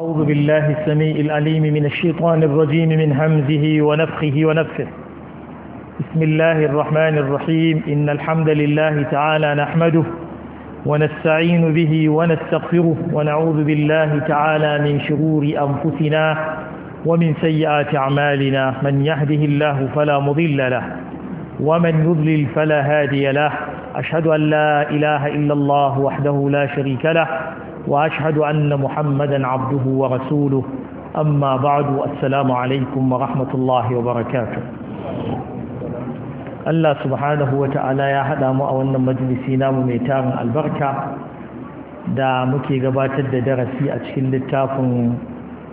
أعوذ بالله السميع العليم من الشيطان الرجيم من همزه ونفخه ونفخه بسم الله الرحمن الرحيم إن الحمد لله تعالى نحمده ونستعين به ونستغفره ونعوذ بالله تعالى من شرور أنفسنا ومن سيئات أعمالنا من يهده الله فلا مضل له ومن يضلل فلا هادي له أشهد أن لا إله إلا الله وحده لا شريك له واشهد ان محمدا عبده ورسوله amma بعد السلام عليكم ورحمه الله وبركاته الله سبحانه ya يا mu a wannan majalisi namu mai tarin albarka da muke gabatar da darasi a cikin littafin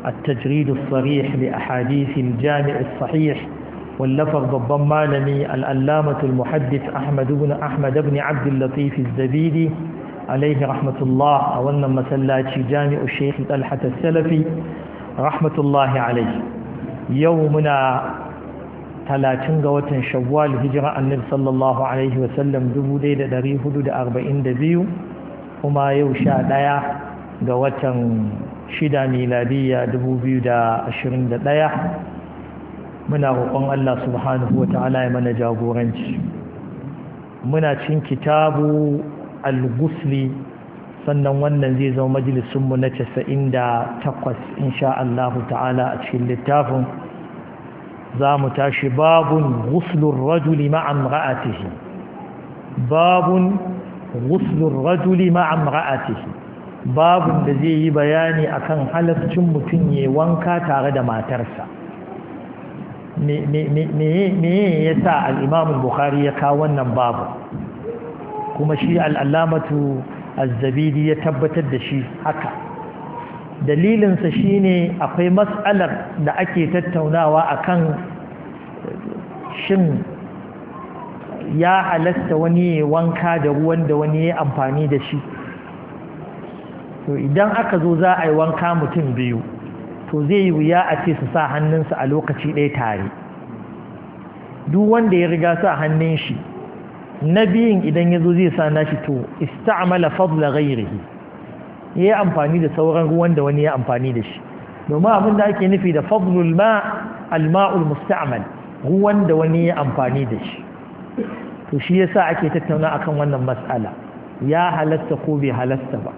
at-tajrid as-sarih li ahadith al-jami' as-sahih wallafar babban malami al-allamah muhaddis muhaddith ahmad ibn ahmad ibn alaihi rahmatullah a wannan masallaci jami'u sheikh talhat salafi rahmatullahi alaihi yau muna talatin ga watan shawwal hijira annabi sallallahu alaihi wasallam 1442 kuma yau sha ɗaya ga watan shida miladiyya 2021 muna rokon Allah subhanahu wa ta'ala ya mana jagoranci muna cin kitabu al-gusli sannan wannan zai zama majalisunmu na 98 insha Allah ta'ala a cikin littafin za mu tashi babun guslun rajuli ma'am ra'atihi babun guslun rajuli ma'am ra'atihi babun da zai yi bayani akan halarcin mutum ya wanka tare da matarsa me ya sa al'imamun Bukhari ya kawo wannan babu kuma shi al'alamatu azzabidi ya tabbatar da shi haka dalilinsa shine akwai matsalar da ake tattaunawa a kan shin ya halasta wani wanka da ruwan da wani ya amfani da shi to idan aka zo za a yi wanka mutum biyu to zai yi wuya a ce su sa hannunsa a lokaci ɗaya tare duk wanda ya riga sa hannun shi na biyun idan ya zo zai sa nashi to ista'amala fadla ghairihi ya yi amfani da sauran ruwan da wani ya amfani da shi domin abin da ake nufi da fadlul ma alma'ul musta'mal ruwan da wani ya amfani da shi to shi yasa ake tattauna akan wannan mas'ala ya halatta ko bai halatta ba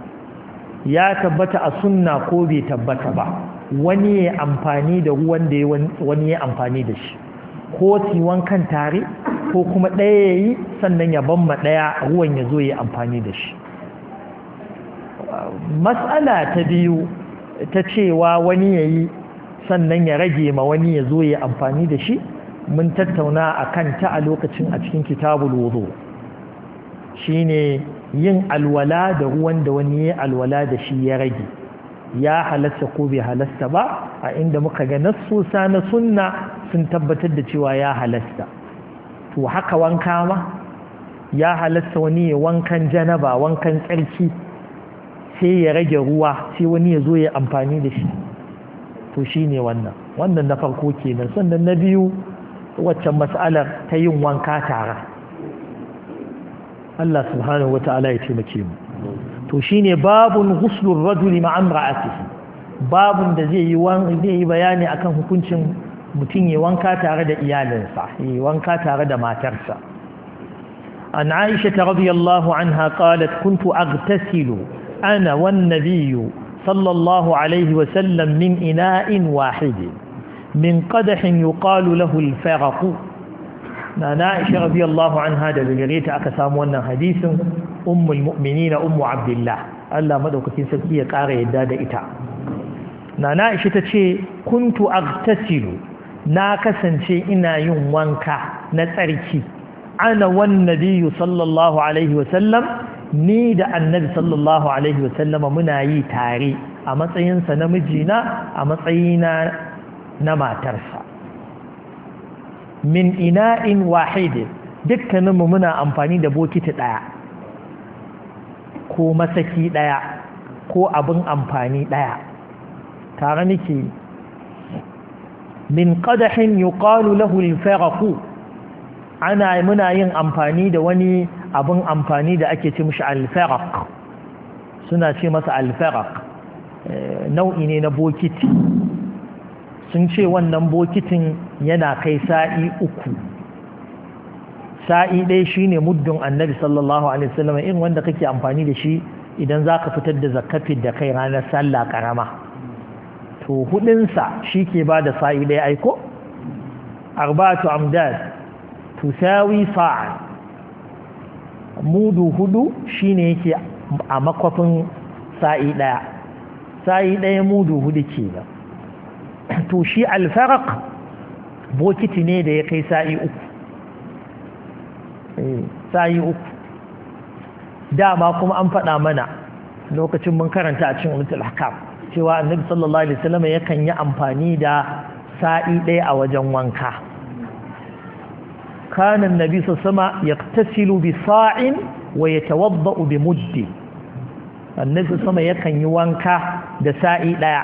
ya tabbata a sunna ko bai tabbata ba wani ya amfani da ruwan da wani ya amfani da shi ko tiwon kan tare ko kuma ɗaya ya yi sannan ya ban ɗaya ruwan ya zo ya amfani da shi matsala ta biyu ta cewa wani ya yi sannan ya rage ma wani ya zo ya amfani da shi mun tattauna a kanta a lokacin a cikin kitabul wudu shine yin alwala da ruwan da wani ya alwala da shi ya rage ya halasta ko bai halasta ba a inda muka ga nasusa na sunna sun tabbatar da cewa ya halasta to haka wanka ma ya halasta wani ya wankan janaba wankan tsarki sai ya rage ruwa sai wani ya zo ya amfani da shi to shi ne wannan wannan na farko kenan sannan na biyu waccan matsalar ta yin wanka tara Allah subhanahu wa ta'ala ya taimake mu to shine babun ghuslur rajuli ma'a imra'atihi babun da zai yi zai yi bayani akan hukuncin mutum ya wanka tare da iyalinsa ya wanka tare da matarsa an Aisha radiyallahu anha qalat kuntu aghtasilu ana wan nabiyyu sallallahu alaihi wa sallam min ina'in wahidin min qadahin yuqalu lahu al-faraq na Aisha radiyallahu anha da gare ta aka samu wannan hadisin ummul mu'minina ummu abdullah Allah madaukakin sarki ya ƙara yadda da ita nana ishi ta ce kuntu aghtasilu na kasance ina yin wanka na tsarki ana wan nabiyyu sallallahu alaihi sallam, ni da annabi sallallahu alaihi wasallama muna yi tare a matsayinsa na mijina a matsayina na matarsa min ina'in wahidin dukkaninmu muna amfani da bokiti ɗaya ko masaki ɗaya ko abin amfani ɗaya tare nake min qadahin yuqalu lahu al-farqu ana muna yin amfani da wani abin amfani da ake ce mishi al suna ce masa al eh, nau'i ne na bokiti sun ce wannan bokitin yana kai sa'i uku sa'i ɗaya shine muddin annabi sallallahu alaihi wasallam in wanda kake amfani da shi idan za ka fitar da zakafin da kai ranar sallah karama to hudinsa shi ke ba da sa'i ɗaya aiko arba'atu amdad tusawi sa'a mudu hudu shine yake a makwafin sa'i ɗaya sa'i ɗaya mudu hudu ke to shi alfarak bokiti ne da ya kai sa'i uku sa'i uku dama kuma an faɗa mana lokacin mun karanta a cin ulul ahkam cewa annabi sallallahu alaihi wasallam yakan yi amfani da sa'i ɗaya a wajen wanka kana annabi sama yaktasilu bi sa'in wa tawabba bi muddi annabi sama yakan yi wanka da sa'i ɗaya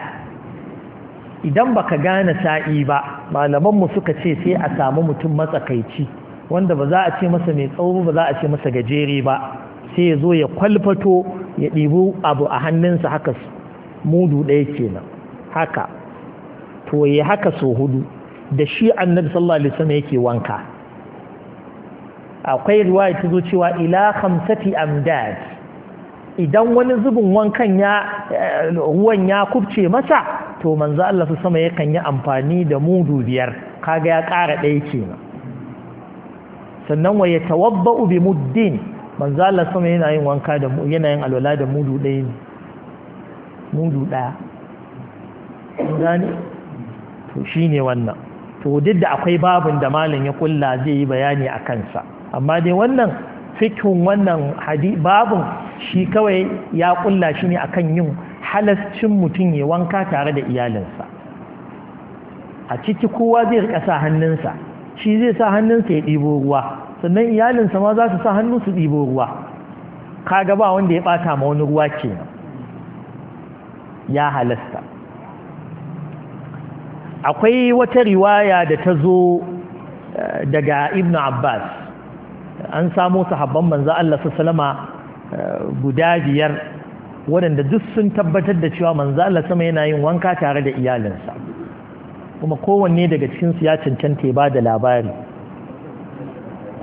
idan baka gane sa'i ba malaman mu suka ce sai a samu mutum matsakaici wanda ba za a ce masa mai tsawo ba za a ce masa gajere ba sai ya zo ya kwalfato ya ɗibu abu a hannunsa haka mudu ɗaya kenan haka to ya haka so hudu da shi annabi sallallahu alaihi wasallam yake wanka akwai riwaya ta zo cewa ila khamsati amdad idan wani zubin wankan ya ruwan ya kubce masa to manzo Allah su sama yakan yi amfani da mudu biyar kaga ya ƙara ɗaya kenan sannan wa yatawabba'u bi muddin manzo Allah sama yana yin wanka da yana yin alwala da mudu ɗaya ne mudu ɗaya gani to shine wannan to duk da akwai babin da malin ya kulla zai yi bayani a kansa amma dai wannan fikhun wannan babin shi kawai ya kulla shi ne akan yin halascin mutum ya wanka tare da iyalinsa a ciki kowa zai rika sa hannunsa shi zai sa hannunsa ya ɗibo ruwa sannan iyalinsa ma za su sa hannu su ɗibo ruwa kaga ba wanda ya ɓata ma wani ruwa kenan ya halasta akwai wata riwaya da ta zo eh, daga ibn abbas an samo sahabban manzo Allah sallama eh, guda biyar waɗanda duk sun tabbatar da cewa manzo Allah sama yana yin wanka tare da iyalinsa kuma kowanne daga cikinsu ya cancanta ya ba da labari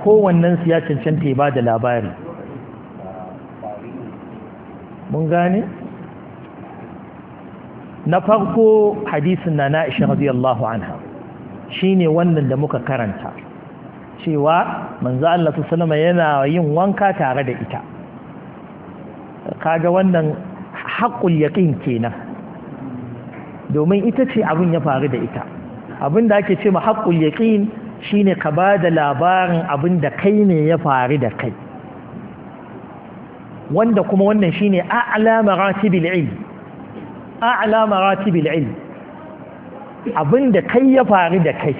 kowannensu ya cancanta ya ba da labari mun gane na farko hadisin na na'isha radiyallahu anha shine wannan da muka karanta cewa manzo Allah sallama yana yin wanka tare da ita kaga wannan haƙul yaqin kenan domin ita ce abin ya faru da ita abin da ake ce mahaƙul yaƙin shine ka ba da labarin abin da kai ne ya faru da kai wanda kuma wannan shine a'la maratibil ilm a'la maratibil ilm da kai ya faru da kai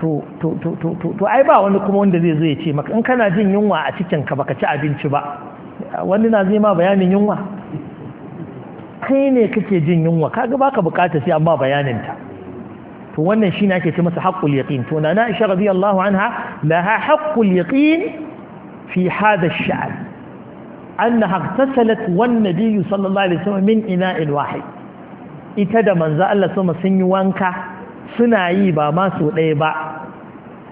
to to ai ba wani kuma wanda zai zo ya ce maka in kana jin yunwa a cikin ka baka ci abinci ba wani na zai ma bayanin yunwa kai ne kake jin yunwa kaga baka bukata sai amma bayanin ta to wannan shine ake ce masa haqqul yaqin to na Aisha radiyallahu anha laha haqqul yaqin fi hada ash-sha'n annaha ightasalat wan nabiy sallallahu alaihi wasallam min ina'in wahid ita da manzo Allah sama sun yi wanka suna yi ba ma so ɗaya ba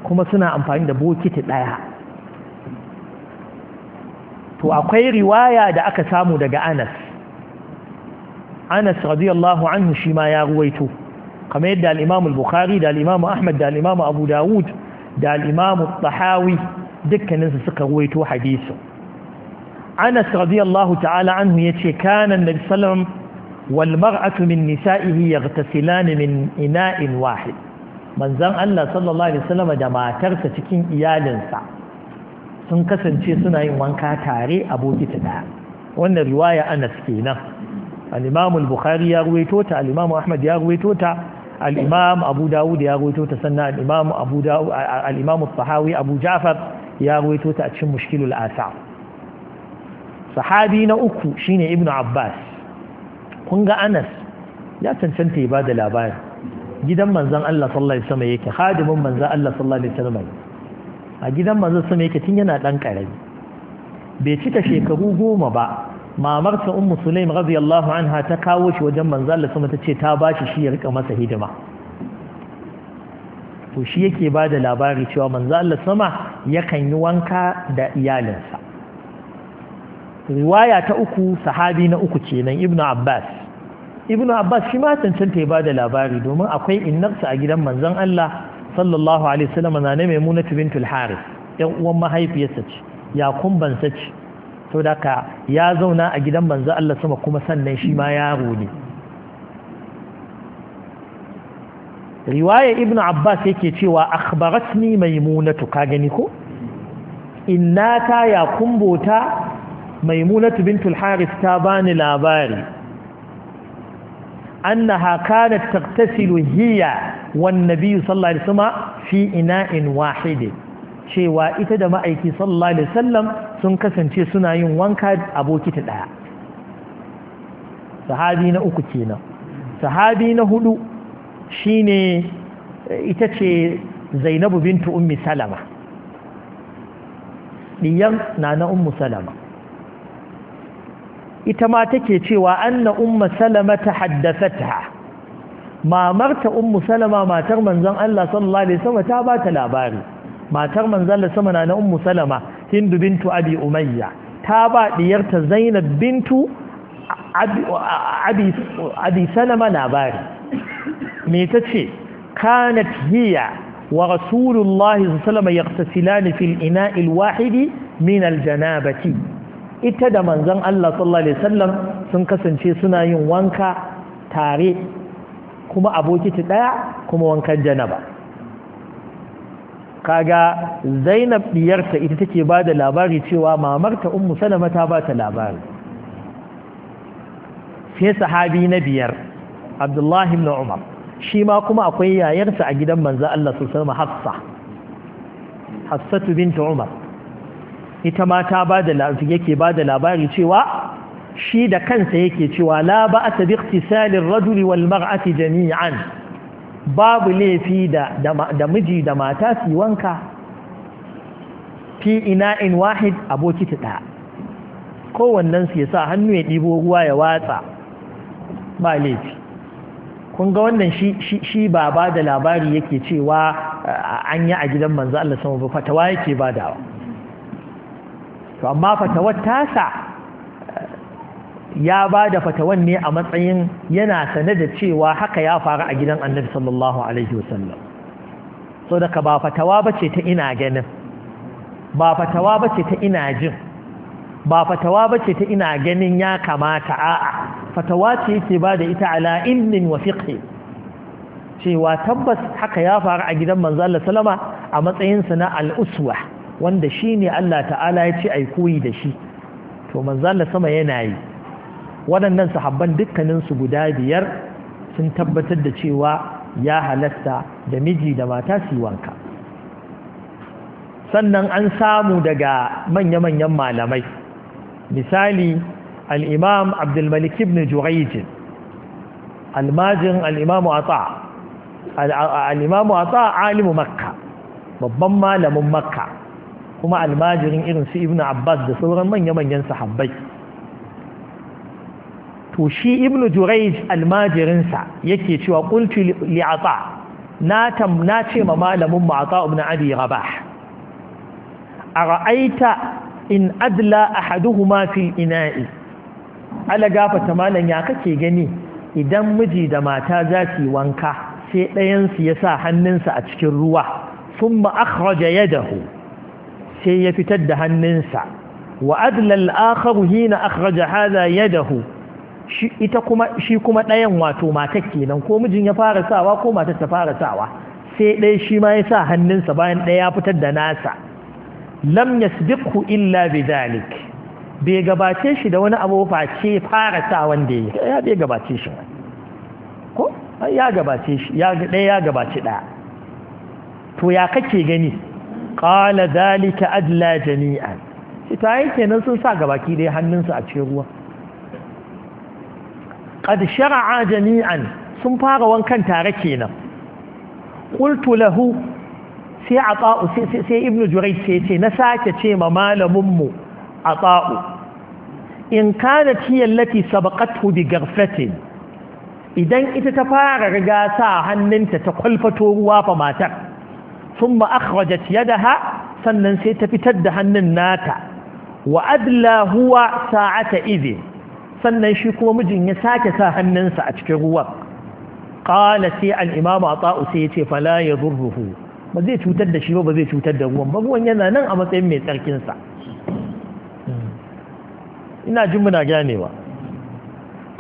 kuma suna amfani da bokiti ɗaya to akwai riwaya da aka samu daga Anas anas radiyallahu anhu shi ma ya ruwaito kamar yadda al-imam al-bukhari da al ahmad da al-imam abu dawud da al tahawi dukkaninsu suka ruwaito hadisin anas radiyallahu ta'ala anhu yace kana annabi sallallahu wal mar'atu min nisa'ihi yaghtasilan min ina'in wahid manzon Allah sallallahu alaihi wasallam da matarsa cikin iyalinsa sun kasance suna yin wanka tare a bokiti daya wannan riwaya anas kenan al al-bukhari ya ruwaito ta al ahmad ya ruwaito ta al-imam abu dawud ya ruwaito ta sannan al Fahawi abu dawud al ja'far ya ruwaito ta a cikin mushkilu asar sahabi na uku shine Ibn abbas kun ga anas ya cancanta ya ba da labarin. gidan manzan Allah sallallahu alaihi wasallam yake hadimin manzon Allah sallallahu alaihi wasallam a gidan manzan Sama alaihi wasallam yake tun yana dan karami bai cika shekaru goma ba mamarsa ummu sulaim radiyallahu anha ta kawo shi wajen manzo Allah ta tace ta bashi shi ya rika masa hidima to shi yake bada labari cewa manzo Allah sama yakan yi wanka da iyalinsa riwaya ta uku sahabi na uku kenan ibnu abbas ibnu abbas shi ma tantance ya bada labari domin akwai innarsa a gidan manzon Allah sallallahu alaihi wasallam na ne maimunatu bintul haris yan uwan mahaifiyarsa ce ya Bansa ce sau ka ya zauna a gidan manzo Allah sama kuma sannan shi ma yaro ne riwaya ibn abbas yake cewa akhbaratni maimunatu ka gani ko innata ya kumbota maimunatu bintul haris ta bani labari أنها كانت تغتسل هي والنبي صلى الله عليه وسلم في إناء واحد شيء ita da صلى الله عليه وسلم sun kasance suna yin wanka aboki ta ɗaya sahabi na uku kenan sahabi na hudu shine eh, ita ce zainabu bintu ummi salama ɗiyan na na ummu salama ita ma take cewa anna umma salama ta haddasata mamarta ummu salama matar manzon Allah sallallahu alaihi wasallam ta ba ta labari matar manzon Allah sama na ummu salama hindu bintu abi umayya ta ba diyarta zainab bintu abisalama salama labari me ta ce kanat hiya wa rasulullahi sallama yaqtasilani fil ina'il wahidi min aljanabati ita da manzon Allah sallallahu alaihi sun kasance suna yin wanka tare kuma abokiti daya kuma wankan janaba kaga zainab diyarta ita take ba da labari cewa mamarta ummu salama ta ba ta labari sai sahabi na biyar abdullahi ibn umar shi ma kuma akwai yayarsa a gidan manza Allah su sama hafsa hafsatu Binta umar ita ma ta ba da labari yake ba da labari cewa shi da kansa yake cewa la ba'ata bi iktisalir rajuli wal mar'ati jami'an babu laifi da miji da mata su wanka fi ina in wahid aboki ta ɗaya wannan su ya sa hannu ya ɗibo ruwa ya watsa ba laifi kun ga wannan shi ba ba da labari yake cewa eh, an yi a gidan manzo Allah sama ba fatawa yake badawa to amma fatawar tasa ya ba da fatawan ne a matsayin yana sane da cewa haka ya faru a gidan annabi sallallahu alaihi wasallam so daga ba fatawa ba ce ta ina ganin ba fatawa ba ce ta ina jin ba fatawa ba ce ta ina ganin ya kamata a'a fatawa ce yake ba da ita ala ilmin wa fiqhi cewa tabbas haka ya faru a gidan manzo Allah sallama a sa na al-uswa wanda shine Allah ta'ala ya ce ai koyi da shi to manzo Allah sama yana yi waɗannan sahabban dukkaninsu guda biyar sun tabbatar da cewa ya halatta da miji da mata su wanka sannan an samu daga manya-manyan malamai misali al'imam abdulmalik ibn jurajin almajin al'imamu ata al'imamu ata alimu makka babban malamin makka kuma almajirin irin su ibn abbas da sauran manya-manyan sahabbai to shi ibnu jurayj almajirinsa yake cewa qultu li ata na tam na ce ma malamin mu ata ibn abi rabah ara'aita in adla ahaduhuma fil ina'i ala gafata malan ya kake gani idan miji da mata za su wanka sai su ya sa hannunsa a cikin ruwa sun ma'akharaja yadahu sai ya fitar da hannunsa wa adlal akharu hina akhraja hadha yadahu ita kuma shi kuma ɗayan wato matar kenan ko mijin ya fara sawa ko matar ta fara sawa sai ɗaya shi ma ya sa hannunsa bayan ɗaya ya fitar da nasa lam yasbiqhu illa bidhalik bai gabace shi da wani abu face fara sa wanda ya bai gabace shi ko ya gabace shi ya ɗaya ya gabace ɗaya to ya kake gani qala dhalika adla jami'an ita yake nan sun sa gabaki dai hannunsa a cikin ruwa qad shar'a jami'an sun fara wankan tare kenan qultu lahu sai ata'u sai ibnu jurayj sai ce na sake ce ma malamin mu ata'u in kana hiya lati sabaqathu bi garfatin idan ita ta fara riga sa hannunta ta kwalfato ruwa fa matar thumma akhrajat yadaha sannan sai ta fitar da hannun nata wa adla huwa sa'ata idhin sannan shi kuma mijin ya sake sa hannunsa a cikin ruwan Ƙala sai al-imam ata'u sai ce fala zurruhu. ba zai cutar da shi ba zai cutar da ruwan ba ruwan yana nan a matsayin mai tsarkinsa. ina jin muna ganewa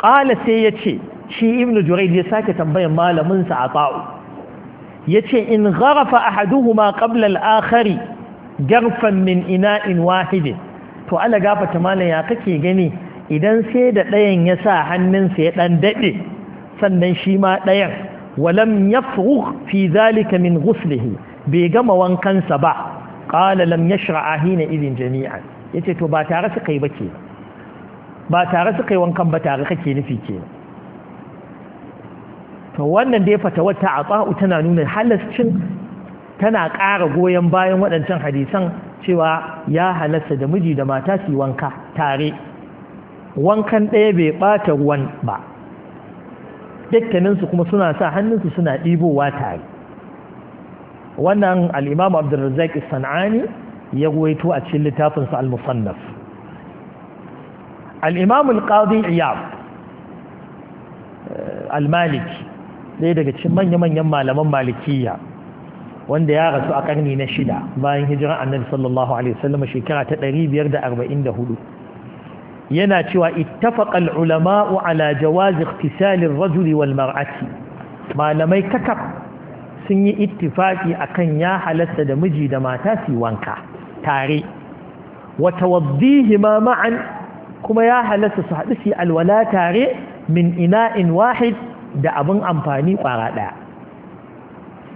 Ƙala sai yace shi Ibn jurayd ya sake tambayan malaminsa sa Ya yace in gharafa ahaduhuma qabla al-akhari garfan min ina in wahidin to ala gafata malam ya kake gani idan sai da ɗayan ya sa hannunsa ya ɗan daɗe sannan shi ma ɗayan walam ya fi zalika min guslihi bai gama wankansa ba ƙala lam ya shira'ahi na izin jami'a ya ce to ba tare suka yi ba ba tare suka yi wankan ba tare kake nufi ke to wannan dai fata wata a tsa'u tana nuna halascin tana ƙara goyon bayan waɗancan hadisan cewa ya halasta da miji da mata su wanka tare wankan ɗaya bai ɓata ruwan ba dukkaninsu kuma suna sa hannunsu suna ɗibowa tare wannan al'imamu abdulrazak san'ani ya ruwaito a cikin littafinsa al-musannaf al'imamu al-qadi iyab eh, al-malik ɗaya daga cikin manya-manyan malaman malikiya wanda ya rasu a ƙarni na shida bayan hijira annabi sallallahu alaihi wasallam shekara ta 544 yana cewa ittafaqal ulama'u ala jawaz ikhtisalir rajuli wal mar'ati malamai kakaf sun yi ittifaki akan ya halasta da miji da mata su wanka tare wa tawaddihima ma'an kuma ya halasta su haɗu su alwala tare min ina'in wahid da abin amfani kwara ɗaya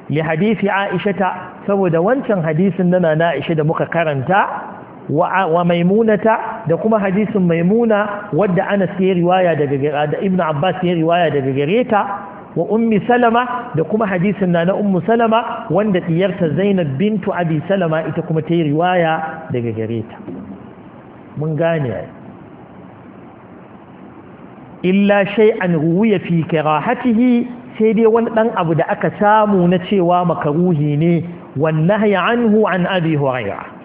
li hadisi aishata saboda wancan hadisin nana na aisha da muka karanta wa maimunata da kuma hadisin maimuna wadda anas ya riwaya daga da ibnu abbas ya riwaya daga gare ta wa ummi salama da kuma hadisin na na ummu salama wanda diyarta zainab bintu abi salama ita kuma ta yi riwaya daga gare ta mun gane illa shay'an ruwiya fi karahatihi sai dai wani dan abu da aka samu na cewa makaruhi ne wannan ya anhu an abi hurairah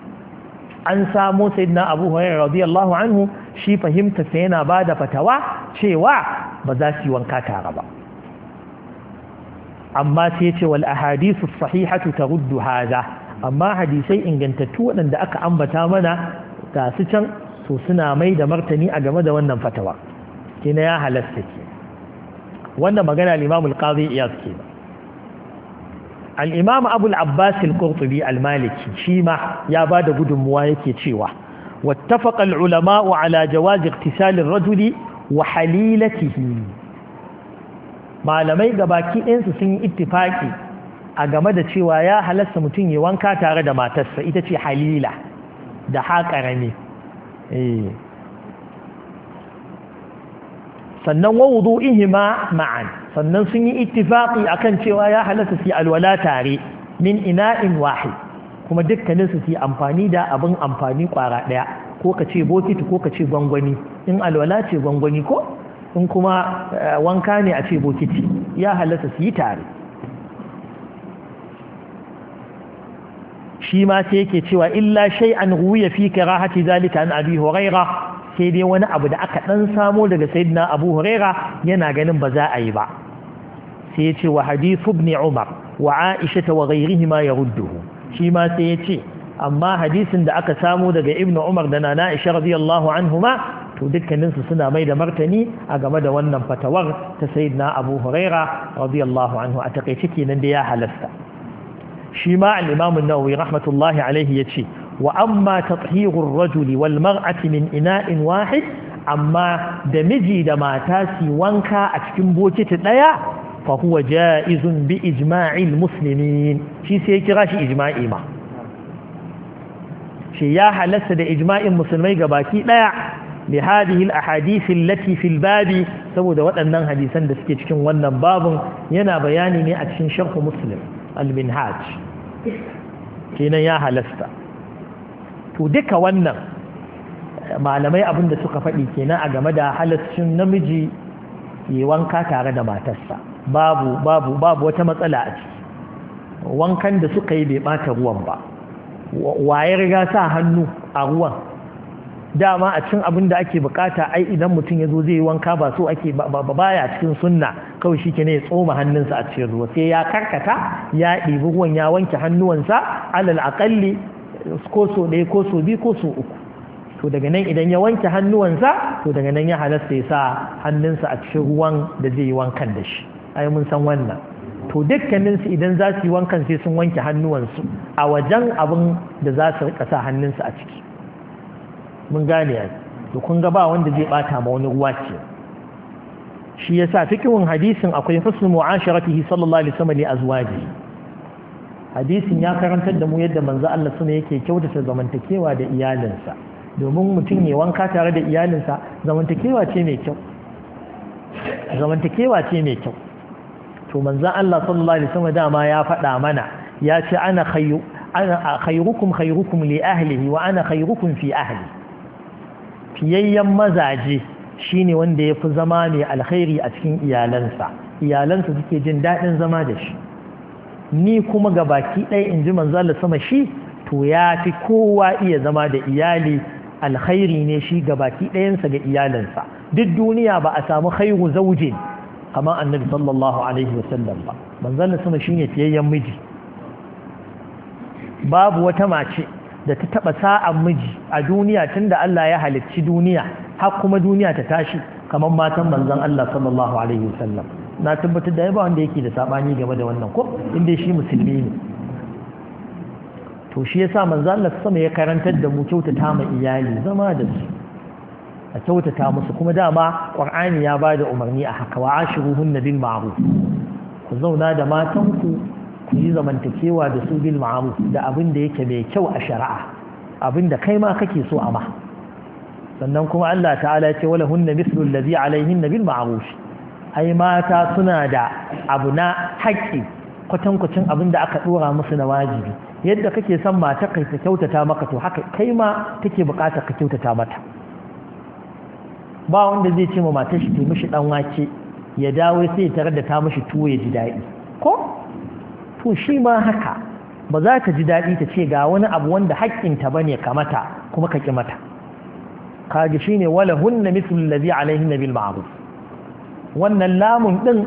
an samo sayyidina abu hurairah radiyallahu anhu shi fahimta sai yana bada fatawa cewa ba za su yi wanka tare ba amma sai ce wal ahadithu sahihatu taruddu hadha amma hadisai ingantattu waɗanda aka ambata mana ga su can so suna mai da martani a game da wannan fatawa kina ya halasta ke wannan magana limamul qadi iyas kenan al'imam abul abbas al al-maliki shi ma ya ba da gudunmuwa yake cewa wattafaqa al-ulama'u ala jawaz rajuli wa halilatihi malamai gabaki ɗinsu sun yi ittifaƙi a game da cewa ya halasta mutum ya wanka tare da matarsa ita ce halila da haƙarami eh. sannan wa wudu'ihima ma'an sannan sun yi ittifaqi akan cewa ya halatta su alwala tare min ina'in wahid kuma dukkanin su yi amfani da abin amfani kwara daya ko ka ce bokiti ko ka ce gwangwani in alwala ce gwangwani ko in kuma eh, wanka ne a ce bokiti ya halatta su yi tare shi ma sai yake cewa illa shay'an ruya fi karahati zalika an abi huraira sai dai wani abu da aka ɗan samo daga sayyidina abu horaira yana ganin ba za a yi ba sai ya wa hadithu ibn umar wa aisha wa ghayrihima yarudduhu shi ma sai ya amma hadisin da aka samu daga ibn umar da nana aisha radiyallahu anhuma to dukkaninsu suna mai da martani a game da wannan fatawar ta sayyidina abu huraira radiyallahu anhu a takaice kenan da ya halasta shi ma al-imam an-nawawi rahmatullahi alaihi yace wa amma tathiru ar-rajuli wal mar'ati min ina'in wahid amma da miji da mata su wanka a cikin bokiti daya fa huwa jaizun bi ijma'il muslimin shi sai kira shi ijma'i ma shi ya halasta da ijma'in musulmai gabaki daya bi hadhihi al-ahadith allati fi al-bab saboda waɗannan hadisan da suke cikin wannan babun yana bayani ne a cikin sharh muslim al-minhaj kenan ya halasta to duka wannan malamai abinda suka faɗi kenan a game da halaccin namiji yi wanka tare da matarsa babu babu babu wata matsala a ciki wankan da suka yi bai bata ruwan ba waye riga sa hannu a ruwan dama a cikin abin da ake bukata ai idan mutum ya zo zai yi wanka ba so ake baya cikin sunna kawai shi ne ya tsoma hannunsa a cikin ruwa sai ya karkata ya ɗibi ruwan ya wanke hannuwansa alal aƙalli ko so ɗaya ko so biyu ko so uku to daga nan idan ya wanke hannuwansa to daga nan ya halasta ya sa hannunsa a cikin ruwan da zai yi wankan da shi ai mun san wannan to dukkaninsu idan za su yi wankan sai sun wanke hannuwansu a wajen abin da za su rika sa hannunsu a ciki mun gane ya to kun ga ba wanda zai bata ma wani ruwa ce shi yasa fikihun hadisin akwai husnul mu'asharatihi sallallahu alaihi wasallam li azwaji hadisin ya karantar da mu yadda manzo Allah sunne yake kyautata zamantakewa da iyalinsa domin mutum ya wanka tare da iyalinsa zamantakewa ce mai kyau zamantakewa ce mai kyau to manzan Allah sallallahu alaihi wasallam dama ya faɗa mana ya ce ana khayyu ana khayrukum khayrukum li ahlihi wa ana khayrukum fi ahli fiyayyen mazaje shine wanda yafi zama mai alkhairi a cikin iyalansa iyalansa suke jin daɗin zama da shi ni kuma ga baki ɗaya in ji manzala sama shi to ya fi kowa iya zama da iyali alkhairi ne shi ga baki ɗayansa ga iyalansa. duk duniya ba a samu khairu zaujin kamar annabi sallallahu alaihi wasallam ba manzon da sama shine fiyayyen miji babu wata mace da ta taba sa'an miji a duniya tunda Allah ya halicci duniya har kuma duniya ta tashi kamar matan manzon Allah sallallahu alaihi wasallam na tabbatar da ba wanda yake da sabani game da wannan ko inda shi musulmi ne to shi yasa manzon Allah sama ya karantar da mu kyautata ma iyali zama da su a kyautata musu kuma dama ƙwar'ani ya ba da umarni a haka wa ashiru na bil ma'ruf ku zauna da matanku ku yi zamantakewa da su bil ma'ruf da abin da yake mai kyau a shari'a abin da kai ma kake so a ma sannan kuma Allah ta'ala ya ce wala hunna mislu allazi alaihinna bil ma'ruf ai mata suna da abu na haƙƙi kwatankwacin abin da aka ɗora musu na wajibi yadda kake son mata kai ta kyautata maka to haka kai ma take buƙatar ka kyautata mata ba wanda zai ce ma matar shi ta mishi dan wake ya dawo sai tare da ta mishi tuwo ya ji daɗi ko to shi ma haka ba za ka ji daɗi ta ce ga wani abu wanda haƙƙin ta bane ka mata kuma ka ƙi mata kaji shi ne wala hunna mislul ladhi alaihin nabil ma'ruf wannan lamun din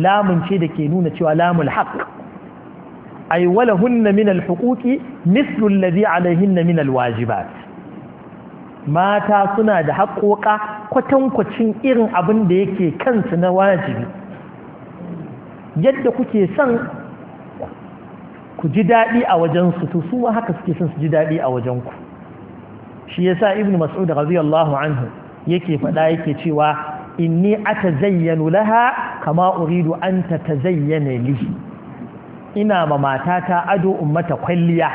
lamun ce da ke nuna cewa lamul haqq ay wala hunna min al huquqi mislul ladhi alaihin min al wajibat mata suna da haƙoƙa kwatankwacin irin abin da yake kansu na wajibi yadda kuke son ku ji daɗi a wajensu to su haka suke son su ji daɗi a wajenku shi ya sa ibn mas'ud radiyallahu anhu yake faɗa yake cewa inni atazayyanu laha kama uridu an ta zayyana li ina ma matata ado ummata kwalliya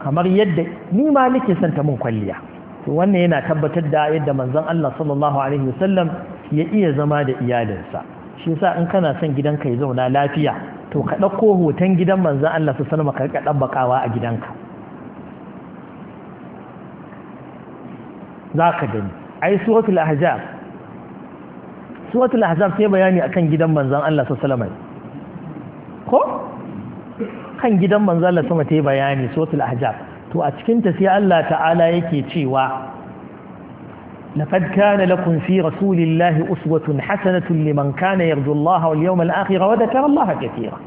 kamar yadda ni ma nake son ta mun kwalliya to wannan yana tabbatar da yadda manzon Allah sallallahu alaihi wasallam ya iya zama da iyalinsa shi yasa in kana son gidanka ya zauna lafiya to ka dauko hoton gidan manzon Allah sallallahu alaihi wasallam ka ɗabbakawa a gidanka za ka gani ai suratul ahzab suratul ahzab sai bayani akan gidan manzon Allah sallallahu alaihi wasallam ko kan gidan manzala sama ta yi bayani suratul ahzab to a cikin ta sai Allah ta'ala yake cewa لقد كان لكم uswatun رسول الله أسوة حسنة لمن كان يرجو الله واليوم الآخر وذكر allah كثيرا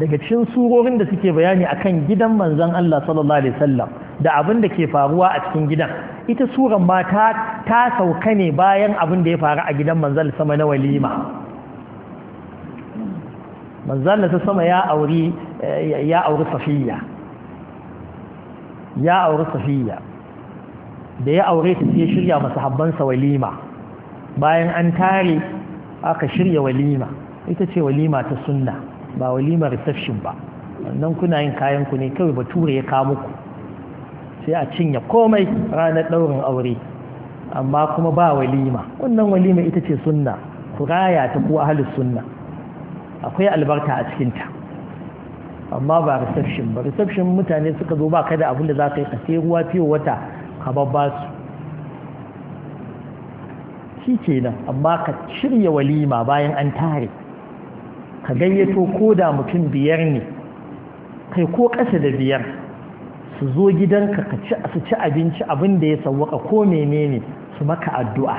daga cikin surorin da suke bayani akan gidan manzon Allah sallallahu alaihi wasallam da abin da ke faruwa a cikin gidan ita suran mata ta sauka ne bayan abin da ya faru a gidan manzon sama na walima manzan da ta sama ya auri ya auri safiya ya auri safiya da ya aure ta sai shirya masahabbansa walima bayan an tare aka shirya walima ita ce walima ta sunna ba walima reception ba wannan kuna yin kayan ku ne kawai bature ya kawo ku. sai a cinye komai ranar ɗaurin aure amma kuma ba walima wannan walima ita ce sunna ku raya ta ku ahlus sunna akwai albarka a cikinta amma ba reception ba reception mutane suka zo ba kada abinda za ka yi ka ruwa fiye wata ka babba su shi nan amma ka shirya walima bayan an tare ka gayyato ko da mutum biyar ne kai ko kasa da biyar su zo gidanka ka ci su ci abinci abin da ya sawwaka ko menene su maka addu'a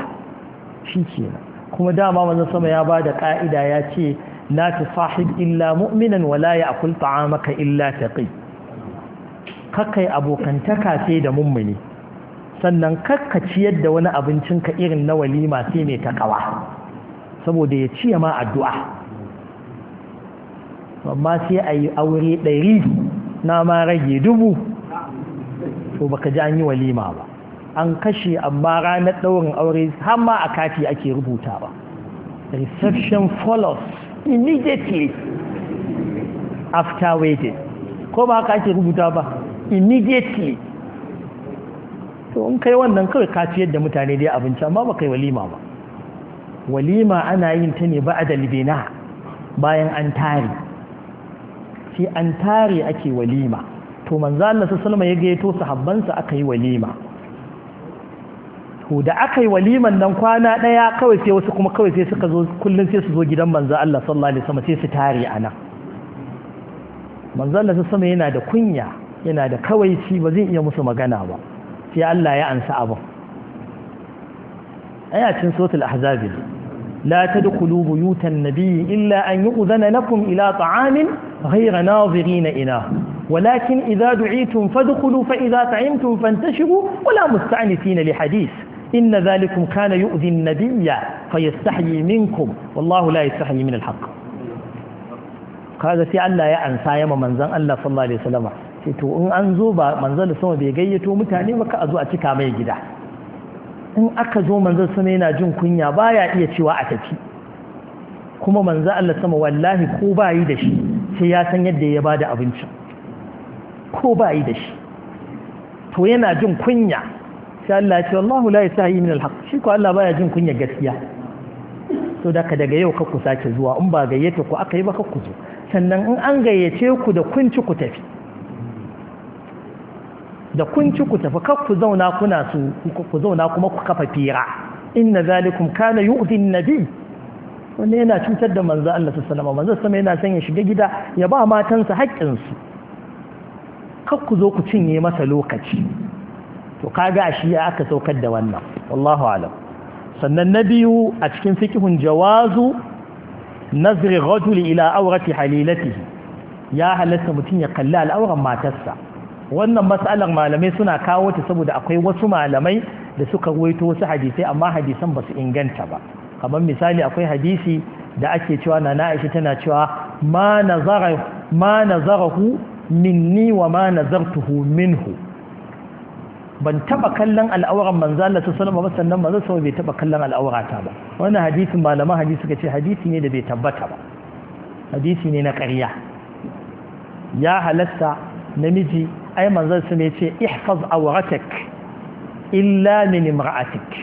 shi nan kuma dama manzon sama ya ba da ƙa'ida ya ce لا تصاحب illa mu'minan ولا يأكل طعامك إلا illa kakai abokantaka sai da mummuni sannan kakka ciyar da wani ka irin na walima sai mai takawa saboda ya ciye ma addu'a amma sai ayi aure ɗari na ma rage dubu to baka ji an yi walima ba an kashe amma ranar ɗaurin aure har ma a kati ake rubuta ba reception follows immediately after waiting ko ba haka ake rubuta ba immediately to in kai wannan kawai ka ciyar da mutane dai abinci amma ba kai walima ba walima ana yin ta ne ba a dalibina bayan an tare sai an tare ake walima to manzo Allah sallallahu alaihi wasallam ya gaito sahabbansa aka yi walima to da aka yi waliman nan kwana ɗaya kawai sai wasu kuma kawai sai suka zo kullum sai su zo gidan manzo Allah sallallahu alaihi wasallam sai su tare a nan manzo Allah sama yana da kunya yana da kawaici ba zai iya musu magana ba sai Allah ya ansa abin aya cin suratul ahzab la tadkhulu buyutan nabiy illa an yu'zana lakum ila ta'amin ghayra nadhirina ina ولكن إذا دعيتم فادخلوا فإذا طعمتم فانتشروا ولا مستعنفين لحديث إن ذلكم كان يؤذي النبي فيستحيي منكم والله لا يستحيي من الحق kaga sai Allah ya ansa yama manzon Allah sallallahu alaihi wasallam sai to in an zo ba manzon sama bai gayyato mutane ba ka zo a cika mai gida in aka zo manzon sama yana jin kunya baya iya cewa a tafi kuma manzon Allah sama wallahi ko ba yi da shi sai ya san yadda ya bada abinci ko ba yi da shi to yana jin kunya sai Allah ya ce wallahu la yasahi min alhaq shi ko Allah baya jin kunya gaskiya to daga daga yau ka ku sake zuwa in ba gayyata ku aka yi ba ka ku zo sannan in an gayyace ku da kunci ku tafi da kunci ku tafi kar ku zauna kuna su ku zauna kuma ku kafa fira inna zalikum kana yu'zi nabi wannan yana cutar da manzo Allah sallallahu alaihi wasallam manzo yana son ya shiga gida ya ba matansa haƙƙinsu kar ku zo ku cinye masa lokaci to kaga shi aka saukar da wannan wallahu alam sannan na biyu a cikin fikihun jawazu nazri rajul ila aurati halilatihi ya halatta mutum ya kalli al'auran matarsa wannan matsalar malamai suna kawo ta saboda akwai wasu malamai da suka ruwaito wasu hadisai amma hadisan ba su inganta ba kamar misali akwai hadisi da ake cewa na na'ashi tana cewa ma nazarahu minni wa ma nazartuhu minhu ban taba kallon al'auran manzo Allah ta sallama ba sannan manzo sama bai taba kallon al'aurata ba wannan hadisin malaman hadisi suka ce hadisi ne da bai tabbata ba hadisi ne na ƙarya ya halatta namiji ai manzo su ne ce ihfaz awratak illa min imra'atik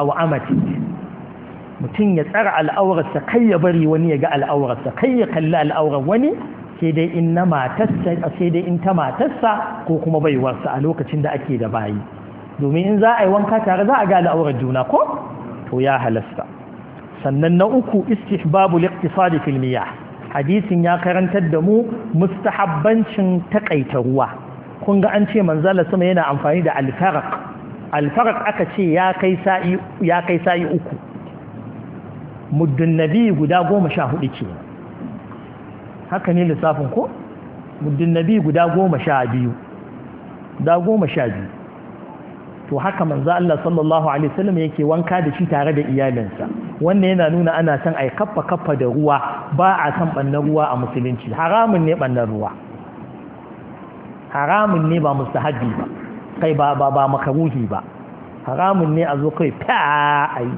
aw amatik mutum ya tsara al'aurarsa kai ya bari wani ya ga al'aurarsa kai ya kalli al'aurar wani sai dai in na matarsa sai dai in ta matarsa ko kuma baiwarsa a lokacin da ake da bayi domin in za a yi wanka tare za a ga al'aurar juna ko to ya halasta sannan na uku istihbabu liqtisadi fil miyah hadisin ya karantar da mu mustahabbancin takaita ruwa kun ga an ce manzala sama yana amfani da alfarq alfarq aka ce ya kai sa'i ya kai sa'i uku muddun nabi guda 14 kenan haka ne lissafin ko muddin nabi guda goma sha biyu da goma sha biyu to haka manzo Allah sallallahu alaihi wasallam yake wanka da shi tare da iyalinsa wannan yana nuna ana san ai kaffa kaffa da ruwa ba a san bannan ruwa a musulunci haramun ne bannan ruwa haramun ne ba mustahabi ba kai ba ba ba makaruhi ba haramun ne a zo kai fa ai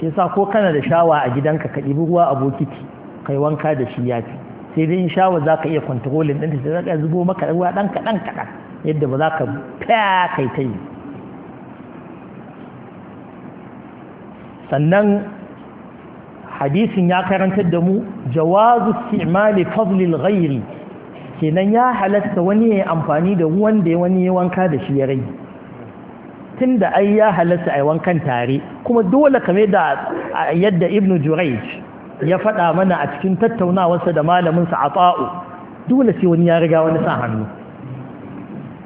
shi yasa ko kana da shawa a gidanka ka ɗibi ruwa a bokiti kai wanka da shi ya fi sai dai in shawa za ka iya kwantarolin ɗin da za zubo maka ruwa ɗan kaɗan kaɗan yadda ba za ka fa kai ta yi sannan hadisin ya karantar da mu jawazu istimali fadlil ghairi kenan ya halatta wani ya amfani da ruwan da wani ya wanka da shi ya rage da ai ya halatta a wankan tare kuma dole kame da yadda ibnu Juraish. ya faɗa mana a cikin tattaunawarsa da malaminsa a tsa'o dole sai wani ya riga wani sa hannu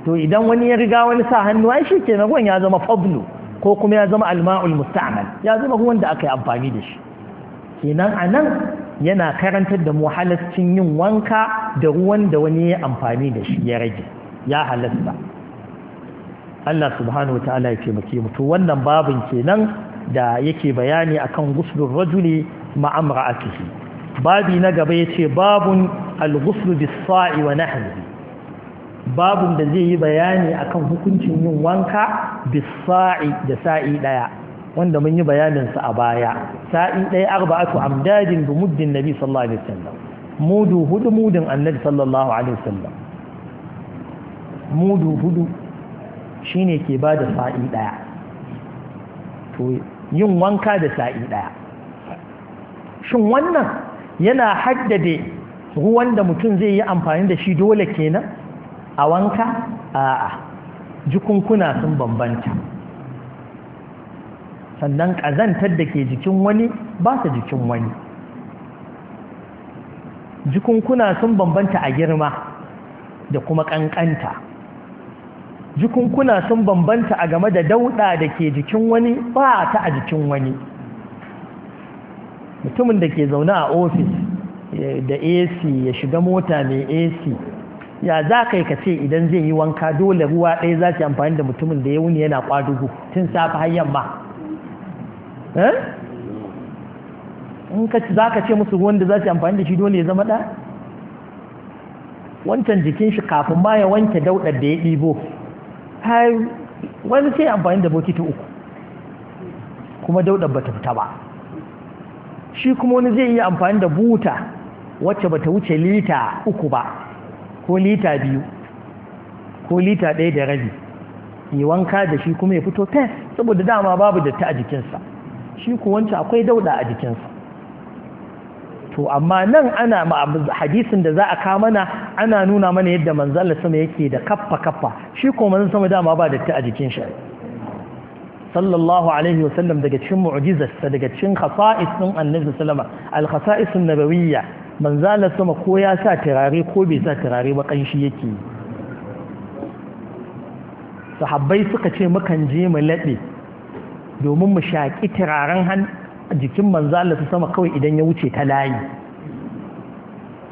to idan wani ya riga wani sa hannu ai shi kenan ruwan ya zama fablu ko kuma ya zama alma'ul musta'mal ya zama ruwan da aka yi amfani da shi kenan anan yana karantar da mu yin wanka da ruwan da wani ya amfani da shi ya rage ya halasta Allah subhanahu wa ta'ala ya ce mu to wannan babin kenan da yake bayani akan guslur rajuli ake ma'amra'atihi babi na gaba yace babun al-ghusl bis-sa'i wa nahwihi babun da zai yi bayani akan hukuncin yin wanka bisa'i da sa'i daya wanda mun yi bayanin sa a baya sa'i daya arba'atu amdadin bi muddin nabi sallallahu alaihi wasallam mudu hudu mudin annabi sallallahu alaihi wasallam mudu hudu shine ke bada sa'i daya to yin wanka da sa'i daya shin wannan yana haddade ruwan da mutum zai yi amfani da shi dole kenan a wanka a'a jikunkuna sun bambanta sannan ƙazantar da ke jikin wani ba ta jikin wani jikunkuna sun bambanta a girma da kuma ƙanƙanta jikunkuna sun bambanta a game da dauɗa da ke jikin wani ba ta a jikin wani mutumin da ke zaune a ofis da ac ya shiga mota mai ac ya za ka yi ka idan zai yi wanka dole ruwa ɗaya za ki amfani da mutumin da ya wuni yana kwadugu tun safe har yamma eh? in ka za ka ce musu wanda za ki amfani da shi dole ya zama ɗa wancan jikin shi kafin ma ya wanke dauɗar da ya ɗibo wani sai amfani da bokiti uku kuma dauɗar ba ta fita ba shi kuma wani zai iya amfani da buta wacce bata wuce lita uku ba ko lita biyu ko lita ɗaya da rabi yi wanka da shi kuma ya fito ta saboda dama babu datti a jikinsa shi kuma wancan akwai dauda a jikinsa to amma nan ana hadisin da za a ka mana ana nuna mana yadda manzala sama yake da kaffa kaffa shi kuma manzala sama dama ba datti a jikin shi sallallahu alaihi wasallam daga cikin mu'jizarsa daga cikin khasa'is din annabi sallama al khasaisun nabawiyya manzo sama ko ya sa turare ko bai sa turare ba kanshi yake sahabbai suka ce mukan je mu lade domin mu shaƙi tiraren han jikin manzo su sama kawai idan ya wuce ta layi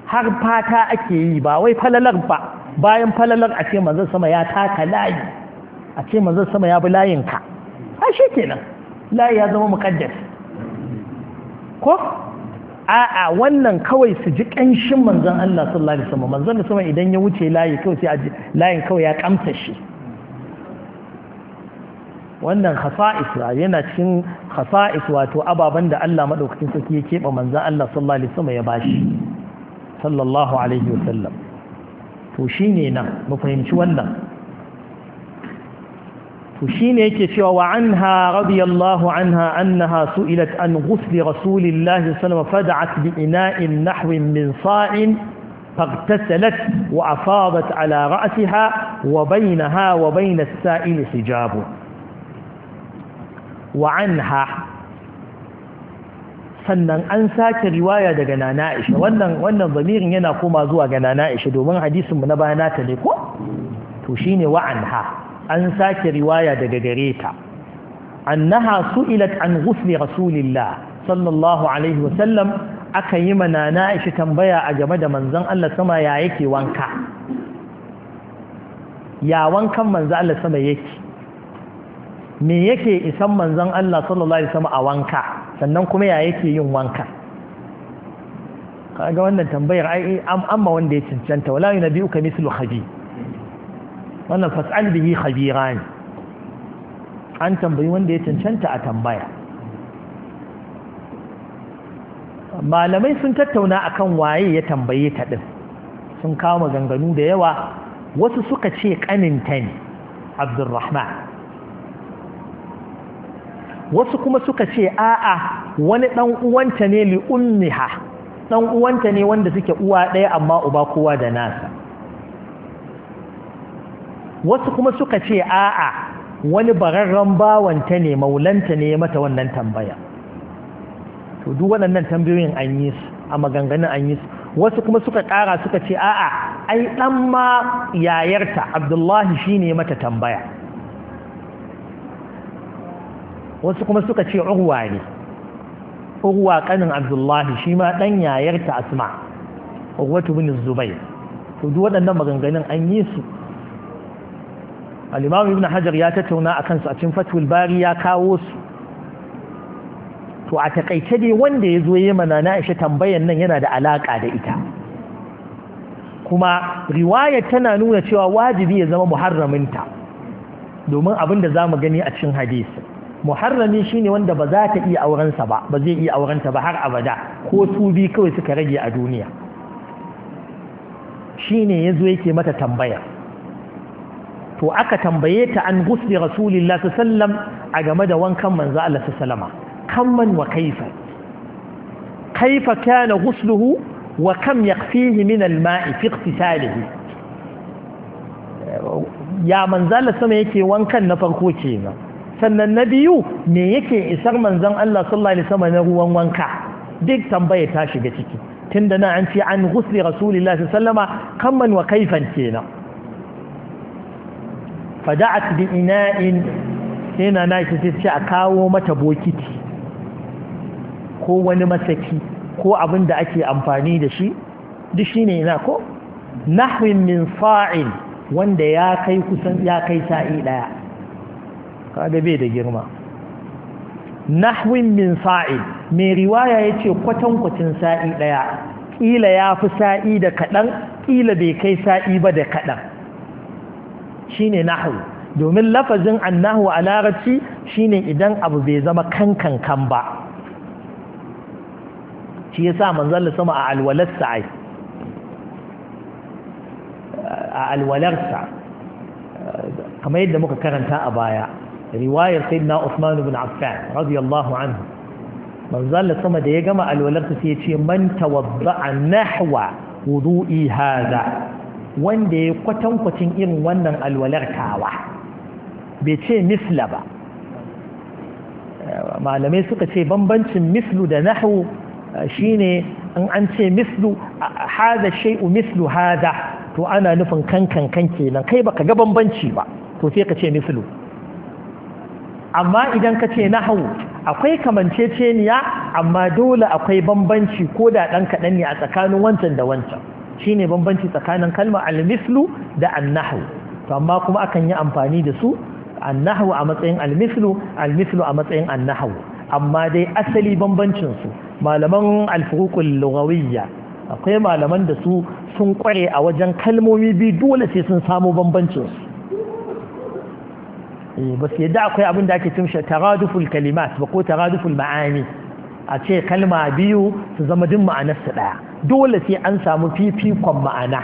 har fata ake yi ba wai falalar ba bayan falalar a ce manzo sama ya taka layi a ce manzo sama ya bi layinka a shi kenan layi ya zama mukaddas ko a'a wannan kawai su ji ƙanshin manzan Allah sallallahu alaihi wasallam manzan da sama idan ya wuce layi kawai sai layin kawai ya kamta shi wannan khasa'is yana cikin khasa'is wato ababen da Allah madaukakin sarki ya keɓa manzan Allah sallallahu alaihi wasallam ya bashi sallallahu alaihi wasallam to shine nan mu fahimci wannan to shine yake cewa wa anha radiyallahu anha annaha su'ilat an ghusl rasulillahi sallallahu alaihi wasallam fad'at bi ina'in nahwin min sa'in فاغتسلت وأفاضت على رأسها وبينها وبين السائل حجاب وعنها sannan an sake riwaya daga nana Aisha wannan zamirin yana koma zuwa ga nana Aisha domin hadisin mu na baya nata ne ko to shine wa anha an sake riwaya daga gare ta annaha su'ilat an ghusli rasulillah sallallahu alaihi wa sallam aka yi mana na ishi tambaya a game da manzon Allah sama ya yake wanka ya wankan manzon Allah sama yake me yake isan manzon Allah sallallahu alaihi wasallam a wanka sannan kuma ya yake yin wanka kaga wannan tambayar ai amma wanda ya cancanta wala yunabiyuka mislu khabir wannan fas'al bihi khabira ne an tambayi wanda ya cancanta a tambaya malamai sun tattauna akan waye ya tambaye ta din sun kawo maganganu da yawa wasu suka ce kaninta ne abdurrahman wasu kuma suka ce a'a wani dan uwanta ne li ummiha dan uwanta ne wanda suke uwa ɗaya amma uba kowa da nasa wasu kuma suka ce a'a wani bararren bawanta ne maulanta ne ya mata wannan tambaya to duk waɗannan tambayoyin an yi su a maganganun an yi su wasu kuma suka ƙara suka ce a'a ai ɗan ma yayarta abdullahi shi ne mata tambaya wasu kuma suka ce urwa ne urwa ƙanin abdullahi shi ma ɗan yayarta asma urwatu bin zubai to duk waɗannan maganganun an yi su al'imamu ibn hajar ya tattauna a kansu a cikin fatul bari ya kawo su to a takaice dai wanda ya zo ya mana na ishe tambayan nan yana da alaƙa da ita kuma riwayar tana nuna cewa wajibi ya zama muharraminta domin abin da za mu gani a cikin hadisi muharrami shine wanda ba za ta iya aurensa ba ba zai iya aurenta ba har abada ko su bi kawai suka rage a duniya shine yazo yake mata tambaya to aka tambaye ta an gusli rasulillah sallam a game da wankan manzo Allah sallama kamman wa kaifa kaifa kana gusluhu wa kam yakfihi min alma'i fi iqtisalihi ya manzo Allah sama yake wankan na farko kenan sannan na biyu me yake isar manzon Allah sallallahu alaihi wasallam na ruwan wanka duk tambaye ta shiga ciki tunda na an ce an gusli rasulillah sallama kamman wa kaifan kenan fada'at bi ina'in ina na na ce a kawo mata bokiti ko wani masaki ko abin da ake amfani da shi duk shine ina ko nahwin min fa'il wanda ya kai kusan ya kai sa'i daya kaga bai da girma nahwin min fa'il mai riwaya yace kwatan kwatin sa'i ɗaya ƙila ya fi sa'i da kaɗan ƙila bai kai sa'i ba da kaɗan shine nahu domin lafazin annahu a larabci shine idan abu bai zama kankan kan ba shi yasa manzon sama a alwalarsa ai a alwalarsa kamar yadda muka karanta a baya riwayar sayyidina bin ibn Affan radiyallahu anhu la sama da ya gama alwalarsa sai ya ce man tawadda nahwa wudu'i haza wanda ya kwatankwacin irin wannan alwalar kawa bai ce misla ba eh, malamai suka ce bambancin mislu da nahu eh, shine in an ce mislu haza shai'u mislu haza to ana nufin kankan kenan kai ka ga bambanci ba to sai ka ce mislu amma idan ka ce nahu akwai kamanceceniya amma dole akwai bambanci ko da ɗan kaɗan ne a tsakanin wancan da wancan shine bambanci tsakanin kalma al-mislu da annahu. nahwu to amma kuma akan yi amfani da su annahu a matsayin al-mislu al-mislu a matsayin annahu. amma dai asali bambancin su malaman al lughawiyya akwai malaman da su sun kware a wajen kalmomi biyu dole sai sun samu bambancin su eh, ba su yadda akwai abin da ake cin taraduful kalimat ba ko taraduful ma'ani a ce kalma biyu su zama duk ma'anarsu ɗaya dole sai an samu fifikon ma'ana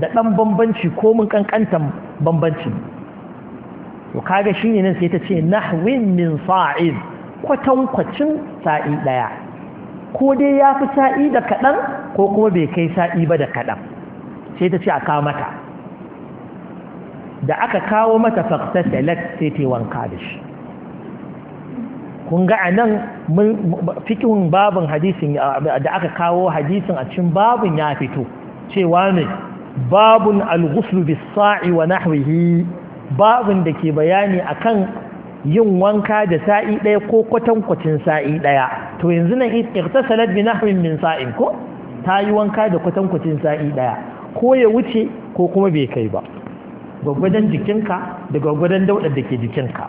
da ɗan bambanci ko mun ƙanƙantan bambanci to kaga shi ne nan sai ta ce nahwin min sa'id kwatankwacin sa'i ɗaya ko dai ya fi sa'i da kaɗan ko kuma bai kai sa'i ba da kaɗan sai ta ce a kawo mata da aka kawo mata faktasalat sai ta wanka da shi kun ga anan fikin babin hadisin da aka kawo hadisin a cikin babin ya fito cewa ne babun al-ghusl bis-sa'i wa nahwihi babin da ke bayani akan yin wanka da sa'i ɗaya ko kwatankwacin sa'i ɗaya to yanzu nan iqtasalat bi nahwin min sa'in ko ta yi wanka da kwatankwacin sa'i ɗaya ko ya wuce ko kuma bai kai ba gwaggwadon jikinka da gwaggwadon dauɗar da ke jikinka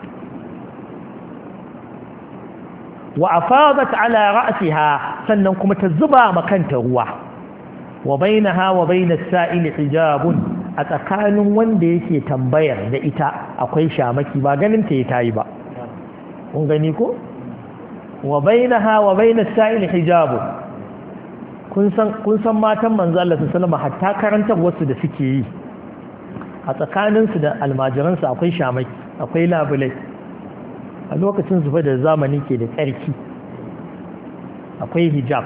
wa a afadat ala ra'asi ha sannan kuma ta zuba ma kanta ruwa wa ha wa bainas sa'ili hijabun a tsakanin wanda yake tambayar da ita akwai shamaki ba ganin ta yi tayi ba kun gani ko wa ha wa bainas sa'ili hijabun kun san kun san matan manzo Allah sallallahu alaihi hatta karantar wasu da suke yi a tsakaninsu da almajiransu akwai shamaki akwai labulai a lokacin zuba da zamani ke da tsarki akwai hijab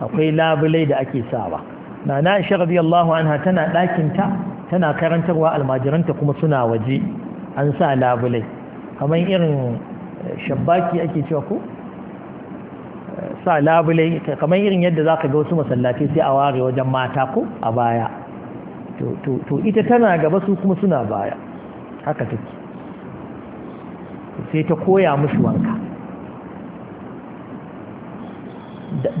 akwai labulai da ake sawa na na ishe radiyallahu anha tana ɗakinta tana karantarwa almajiranta kuma suna waje an sa labulai kamar irin eh, shabbaki ake cewa ko eh, sa labulai kamar irin yadda za ka ga wasu masallatai sai a ware wajen mata ko a baya to ita tana gaba su kuma suna baya haka take sai ta koya musu wanka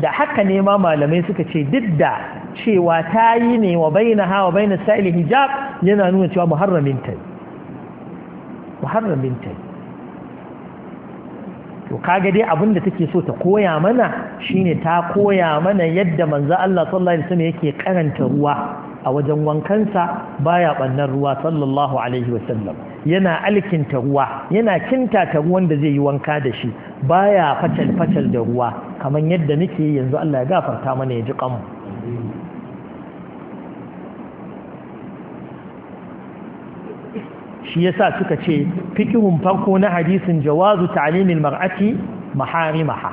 da haka ne ma malamai suka ce duk da cewa ta yi ne wa bayyana ha wa sa'ili hijab yana nuna cewa muharramin ta muharramin ta to kaga dai abin da take so ta koya mana shine ta koya mana yadda manzo Allah sallallahu alaihi wasallam yake karanta ruwa a wajen wankansa baya bannan ruwa sallallahu alaihi wasallam yana alkinta ruwa yana kinta ta ruwan da zai yi wanka da shi baya facal-facal da ruwa kamar yadda nake yanzu Allah ya gafarta mana ya ji kanmu shi yasa suka ce fikihun farko na hadisin jawazu ta'limil mar'ati maharimaha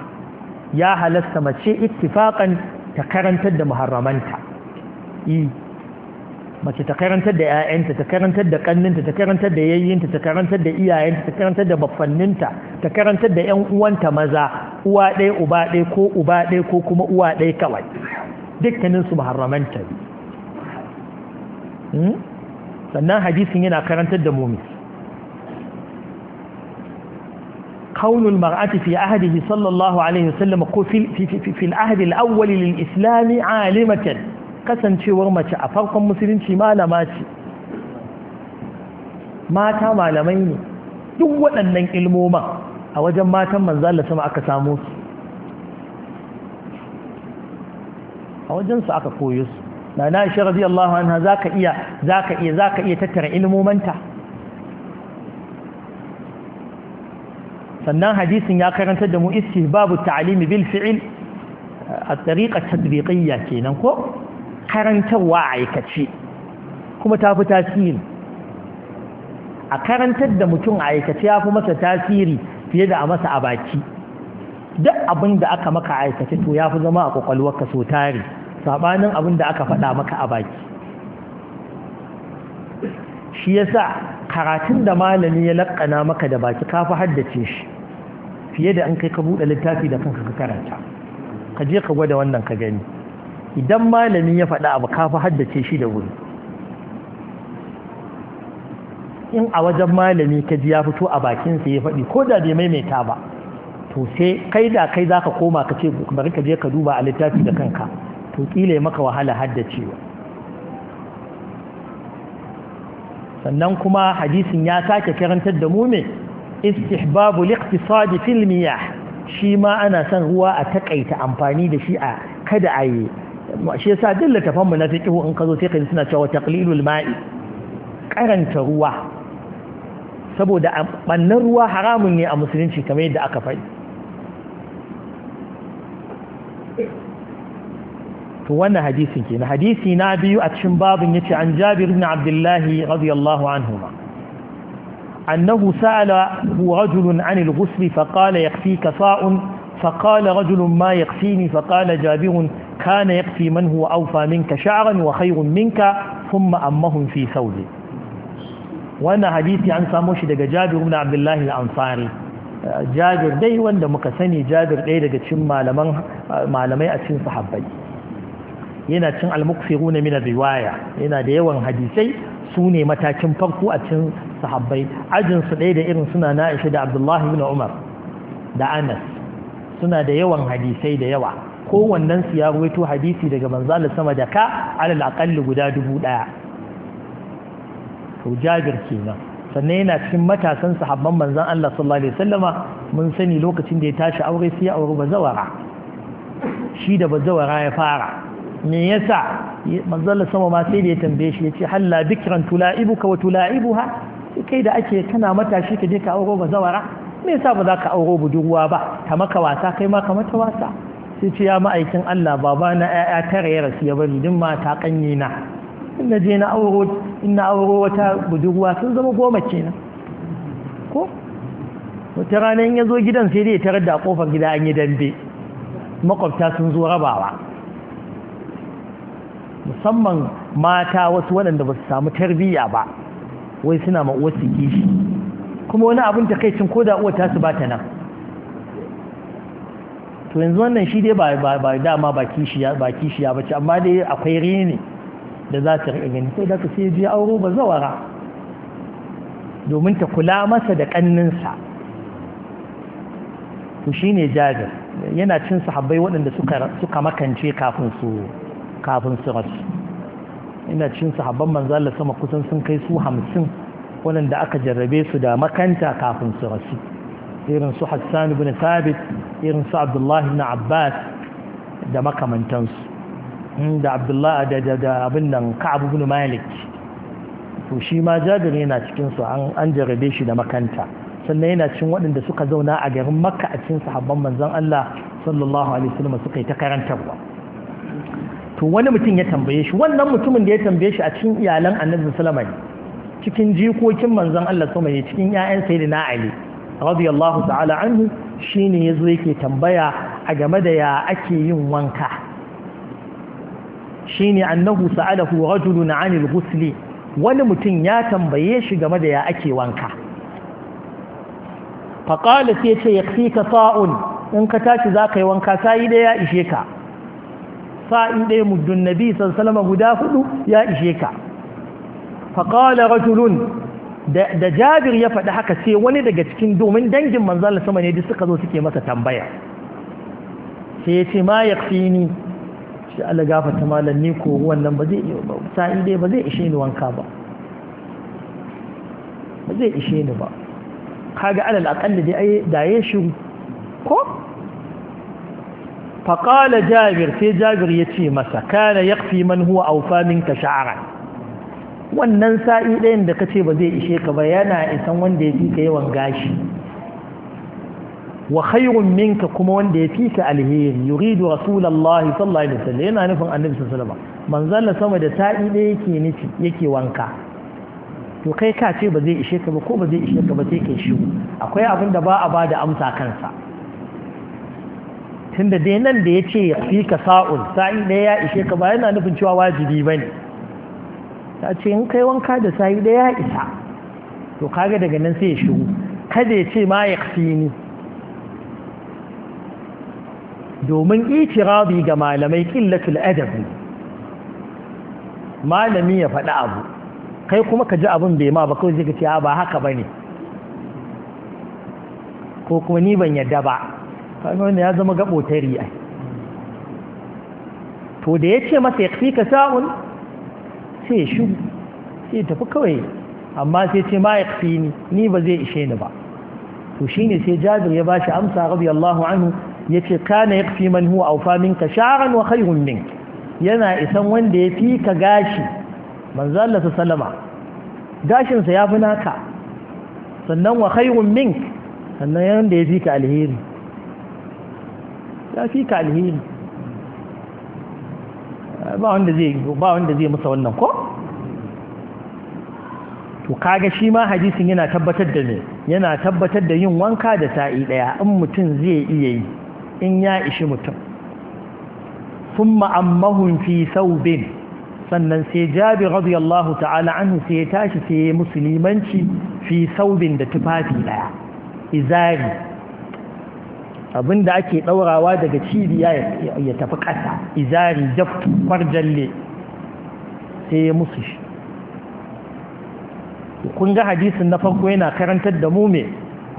ya halasta mace ittifaqan ta karantar da muharramanta e, mace ta karantar da 'ya'yanta ta karantar da ƙanninta ta karantar da yayyinta ta karantar da iyayenta ta karantar da baffanninta ta karantar da ƴan uwanta maza uwa ɗaya uba ɗaya ko uba ɗaya ko kuma uwa ɗaya kawai dukkanin su muharramanta sannan hadisin yana karantar da mumi kaunul mar'ati fi ahadihi sallallahu alaihi wasallam ko fil ahadi al-awwal lil islami alimatan kasancewar mace a farkon musulunci malama ce mata malamai ne duk waɗannan ilmoman a wajen matan manzala sama aka samu su a wajensu aka koyo su na na shi radiyallahu anha za ka iya za ka iya za ka iya tattara ilmomanta sannan hadisin ya karantar da mu babu ta'alimi bil fi'il a tariƙa tadbiqiyya kenan ko karantarwa a aikace kuma ta fi tasiri a karantar da mutum a aikace ya fi masa tasiri fiye da a masa a baki duk abin da aka maka aikace to ya fi zama a kwakwalwarka so tare sabanin abin da aka faɗa maka a baki shi sa karatun da malami ya laƙana maka da baki ka fi haddace shi fiye da an kai ka buɗe littafi da kanka ka karanta ka je ka gwada wannan ka gani idan malamin ya faɗa abu ka haddace shi da wuri in a wajen malami ka ji ya fito a bakin bakinsa ya faɗi ko da bai maimaita ba to sai kai da kai za ka koma ka ce bari ka je ka duba a littafi da kanka to kila ya maka wahala haddacewa sannan kuma hadisin ya sake karantar da mu me istihbabu liqtisadi fil miyah shi ma ana son ruwa a takaita amfani da shi a kada a yi shi yasa duk mu na fiqhu in kazo zo sai ka suna cewa taqlilul ma'i karanta ruwa saboda bannan ruwa haramun ne a musulunci kamar yadda aka faɗi to wannan hadisin ke hadisi na biyu a cikin babin yace an jabir ibn abdullahi radiyallahu anhuma أنه سأل هو رجل عن الغسل فقال يكفيك صاع فقال رجل ما يكفيني فقال جابر kana yakfi man huwa awfa minka sha'ran wa khayrun minka thumma ammahum fi sawli wannan hadisi an samu shi daga Jabir ibn Abdullah al-Ansari Jabir dai wanda muka sani Jabir ɗaya daga cikin malaman malamai a cikin sahabbai yana cin al mukthirun min riwaya yana da yawan hadisai sune matakin farko a cikin sahabbai ajin su ɗaya da irin suna na Aisha da Abdullah ibn Umar da Anas suna da yawan hadisai da yawa kowannen su ya ruwaito hadisi daga manzala sama da ka alal aqalli guda dubu daya to jabir kenan sannan yana cikin matasan sahabban manzan Allah sallallahu alaihi wasallama mun sani lokacin da ya tashi aure sai ya aure bazawara shi da bazawara ya fara me yasa manzon sama ma sai da ya tambaye shi yace halla bikran tulaibuka wa tulaibuha kai da ake kana matashi ka je ka aure bazawara me yasa ba za ka aure budurwa ba ka maka wasa kai ma ka mata wasa sai ce ya ma'aikin Allah baba na ƴaƴa tara ya rasu ya bari din mata kanyi na inda je na auro auro wata budurwa sun zama goma kenan ko wata rana in ya gidan sai dai tarar da kofar gida an yi dambe makwabta sun zo rabawa musamman mata wasu waɗanda ba su samu tarbiyya ba wai suna ma su kishi kuma wani abin takaicin ko da uwa ta su ba ta nan to yanzu wannan shi dai ba dama ba kishiya ba ba ce amma dai akwai rini da za ta riƙa gani sai da ka sai je auro ba zawara domin ta kula masa da ƙanninsa to shi ne yana cin sahabbai waɗanda suka makance kafin su rasu ina cin sahabban manzala sama kusan sun kai su hamsin waɗanda aka jarrabe su da makanta kafin su rasu irin su hassan ibn thabit irin su abdullahi ibn abbas da makamantansu hmm, da abdullahi da abin nan ka'ab ibn malik to shi ma jabiri yana cikin su an jarabe shi da makanta sannan yana cikin waɗanda suka zauna a garin makka a cikin sahabban manzon Allah sallallahu alaihi wasallam suka yi ta karantarwa to wani mutum ya tambaye shi wannan mutumin da ya tambaye shi a cikin iyalan annabi sallallahu alaihi wasallam cikin jikokin manzon Allah sallallahu alaihi wasallam cikin ƴaƴan sayyidina Ali radiyallahu ta'ala anhu shine yazo yake tambaya a game da ya ake yin wanka shine annahu sa'alahu rajulun 'anil ghusli wani mutum ya tambaye shi game da ya ake wanka faƙala sai ce ya fi ka sa'un in ka tashi za yi wanka sa'i ya ishe ka sa'i ɗaya muddin nabi salama guda hudu ya ishe ka faƙala rajulun da jabir ya faɗi haka sai wani daga cikin domin dangin manzala sama ne duk suka zo suke masa tambaya sai ya ce ma ya fi ni shi ala gafata malam ni ko wannan ba zai sa'i dai ba zai ishe ni wanka ba ba zai ishe ni ba kaga alal aƙalli dai da ya shiru ko faƙala jabir sai jabir ya ce masa kana ya fi man huwa aufa minka sha'aran wannan sa'i ɗayan da ka ce ba zai ishe ka ba yana isan wanda ya fi ka yawan gashi wa khairun minka kuma wanda ya fi ka alheri yuridu rasulullahi sallallahu alaihi wasallam yana nufin annabi sallallahu alaihi wasallam sama da sa'i ɗaya yake nufi yake wanka to kai ka ce ba zai ishe ka ba ko ba zai ishe ka ba sai kai shiru akwai abin da ba a ba da amsa kansa tunda dai nan da ya ce fi ka sa'un sa'i ɗaya ya ishe ka ba yana nufin cewa wajibi ba ne ta ce in kai wanka da sayi da ya isa to kaga daga nan sai ya shigo kada ya ce ma ya ni domin itirabi ga malamai killatul adabi malami ya faɗi abu kai kuma ka ji abin bai ma ba kawai zai ka ba haka ba ko kuma ni ban yadda ba wanda ya zama ta ai to da ya ce masa ya ka sa'un sai ya sai tafi kawai amma sai ce ma ya ni ni ba zai ishe ni ba to shine sai jabir ya bashi amsa radiyallahu anhu ce kana yakfi man a awfa minka sha'ran wa khayrun yana isan wanda ya fi ka gashi manzo Allah sallama gashin sa yafi naka sannan wa sannan yanda ya fi ka alheri ya fi ka alheri ba wanda zai ba wanda zai musa wannan ko to kaga shi ma hadisin yana tabbatar da me yana tabbatar da yin wanka da sa'i daya in mutum zai iya yi in ya ishi mutum thumma ammahum fi thawbin sannan sai jabi radiyallahu ta'ala anhu sai tashi sai musulmanci fi saubin da tufafi daya izari abin da ake ɗaurawa daga cibiya ya tafi ƙasa izari jaf farjalle sai ya musu shi kun ga hadisin na farko yana karantar da mu me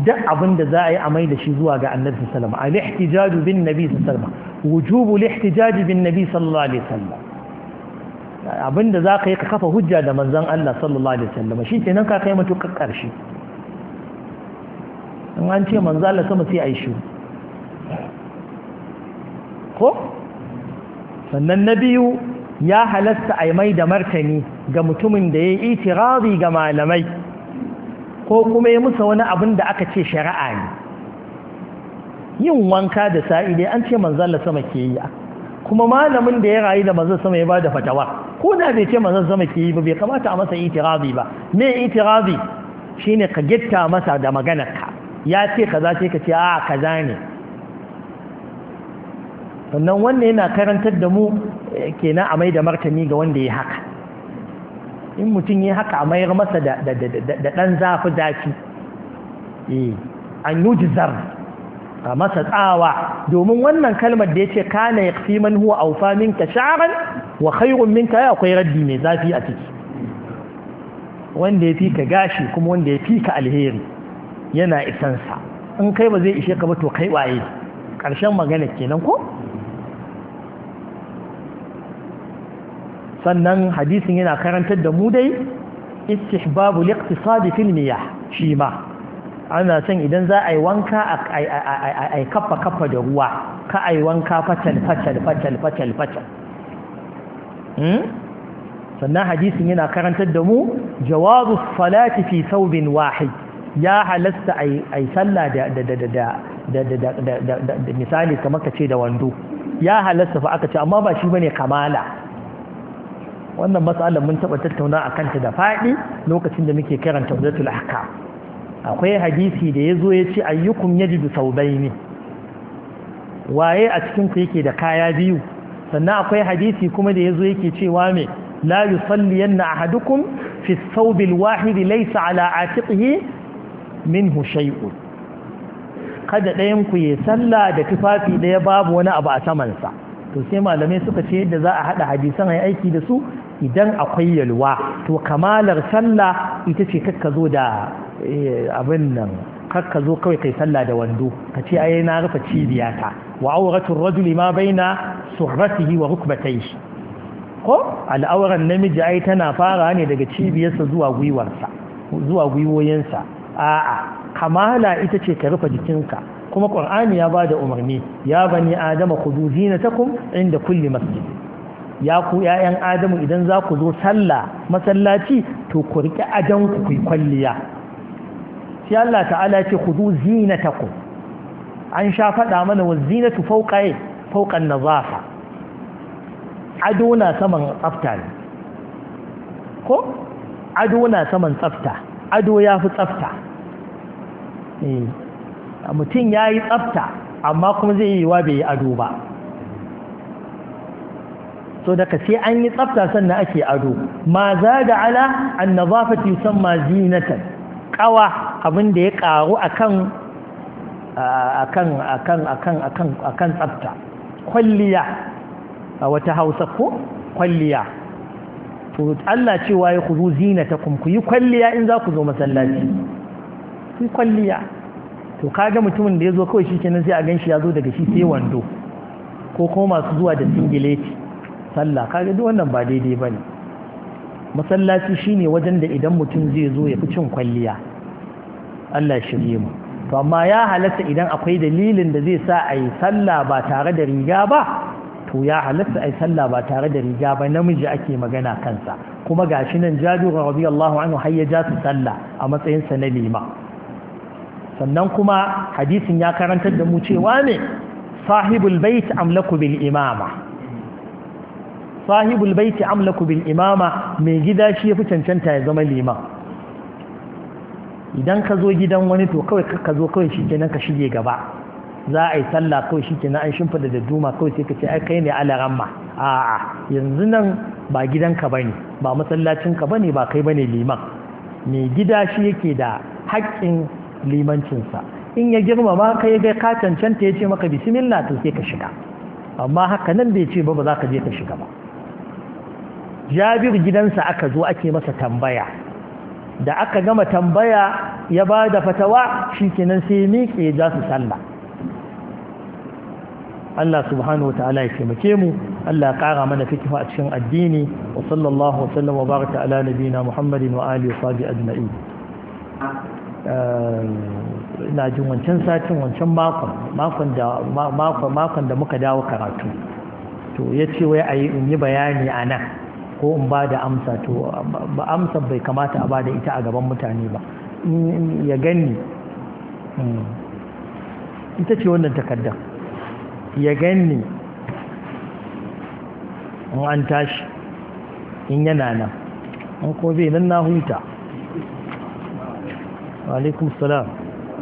duk abin da za a yi amai da shi zuwa ga annabi sallama al ihtijaju bin nabi sallama wujubu al bin nabi sallallahu alaihi wasallam abin da za ka yi ka kafa hujja da manzon Allah sallallahu alaihi wasallam shi kenan ka kai mutukar karshe in an ce manzo Allah sama sai ai shiru ko sannan na biyu ya halasta a mai da martani ga mutumin da ya yi itirazi ga malamai ko kuma ya musa wani abin da aka ce shari'a ne yin wanka da dai an ce manzala sama ke yi kuma malamin da ya rayu da manzan sama ya ba da fatawa ko da bai ce manzan sama ke yi ba bai kamata a masa itirazi ba me itirazi shine ka gitta masa da maganarka ya ce kaza ce ka ce a kaza ne sannan wannan yana karantar da mu eh, kenan a mai da martani ga wanda ya haka in mutum ya haka a mayar masa da ɗan zafi zafi eh, an yi a masa tsawa domin wannan kalmar da ya ce kana ya fi man huwa aufa minka sha'aran wa khairun minka ya akwai raddi mai zafi a ciki wanda ya fi ka gashi kuma wanda ya fi ka alheri yana isansa in kai ba zai ishe ka ba to kai waye ƙarshen magana kenan ko sannan hadisin yana karantar da mu dai istihbabu liqtisadi fil miyah shi ana san idan za a yi wanka a kafa kafa da ruwa ka ai wanka fatal fatal fatal fatal fatal sannan hadisin yana karantar da mu jawabu salati fi saubin wahid ya halasta ai ai sallah da misali kamar ka ce da wando ya halasta fa aka ce amma ba shi bane kamala wannan matsalar mun taɓa tattauna a kanta da faɗi lokacin da muke karanta wadatul ahkam akwai hadisi da ya zo ya ce ayyukum ya jidu sau ne waye a cikinku yake da kaya biyu sannan akwai hadisi kuma da ya zo yake cewa mai la yi salliyan na ahadukum fi saubil wahidi laisa ala atiqihi min hushai'u kada ɗayan ku ya salla da tufafi ɗaya babu wani abu a samansa to sai malamai suka ce yadda za a haɗa hadisan ai aiki da su idan akwai yalwa to kamalar sallah ita ce kakka zo da eh, abin nan kakka zo kawai kai sallah da wando ka ce ai na rufe cibiyata wa auratul rajuli ma baina suhratihi wa rukbatayhi ko al'auran namiji ai tana fara ne daga cibiyarsa zuwa gwiwarsa zuwa gwiwoyinsa a'a kamala ita ce ka rufe jikinka kuma qur'ani ya bada umarni ya bani adama khudu zinatakum inda kulli masjid ya ku ‘ya'yan adamu idan za ku zo sallah masallaci to ku riƙe adan ku ku kwalliya shi Allah ta'ala ce ku zo zinataku an sha faɗa mana wa zinatu fauƙaye fauƙan nazafa ado na saman tsafta ne ko ado na saman tsafta ado ya fi tsafta eh, mutum ya yi tsafta amma kuma zai yi wa bai yi ado ba so daga sai an yi tsafta sannan ake ado ma za da ala an nazafati yusamma zinatan kawa abin da ya karu akan kan tsafta kwalliya a wata Hausa ko kwalliya to Allah cewa ya kuzu zinatakum ku yi kwalliya in za ku zo masallaci ku yi kwalliya to kaga mutumin da ya zo kawai shi kenan sai a shi ya zo daga shi sai wando ko kuma masu zuwa da singileti sallah kaga duk wannan ba daidai ba ne masallaci shine wajen da idan mutum zai zo ya fi cin kwalliya Allah shirye mu to amma ya halatta idan akwai dalilin da zai sa a yi sallah ba tare da riga ba to ya halatta a yi sallah ba tare da riga ba namiji ake magana kansa kuma ga shi nan jabiru radiyallahu anhu har ya ja su sallah a matsayin sa na lima sannan kuma hadisin ya karantar da mu cewa ne sahibul bait amlaku bil imama sahibul baiti amlaku bil imama mai gida shi yafi cancanta ya zama liman idan ka zo gidan wani to kawai ka zo kawai shi kenan ka shige gaba za a yi sallah kawai shi kenan an shimfida da duma kawai sai ka ce ai kai ne ramma a'a yanzu nan ba gidanka bane ba ka bane ba kai bane liman mai gida shi yake da haƙƙin limancinsa in ya girmama ka ga ka cancanta ya ce maka bismillah to sai ka shiga amma haka nan bai ce ba ba za ka je ka shiga ba jabir gidansa aka zo ake masa tambaya da aka gama tambaya ya ba da fatawa shi kenan sai miƙe za su sallah Allah subhanahu wa ta'ala ya taimake mu Allah ya ƙara mana fikihu a cikin addini wa sallallahu wasallam wa baraka ala nabina Muhammadin wa alihi wa sahbihi ajma'in eh, ina jin wancan satin wancan makon makon da makon da muka dawo karatu to yace wai ayi in yi bayani anan ko in ba da amsa to ba amsa bai kamata a ba da ita a gaban mutane ba ya gani hmm. ita ce wannan takardar ya gani in an tashi in yana nan an ko zai nan na huta alaikum salam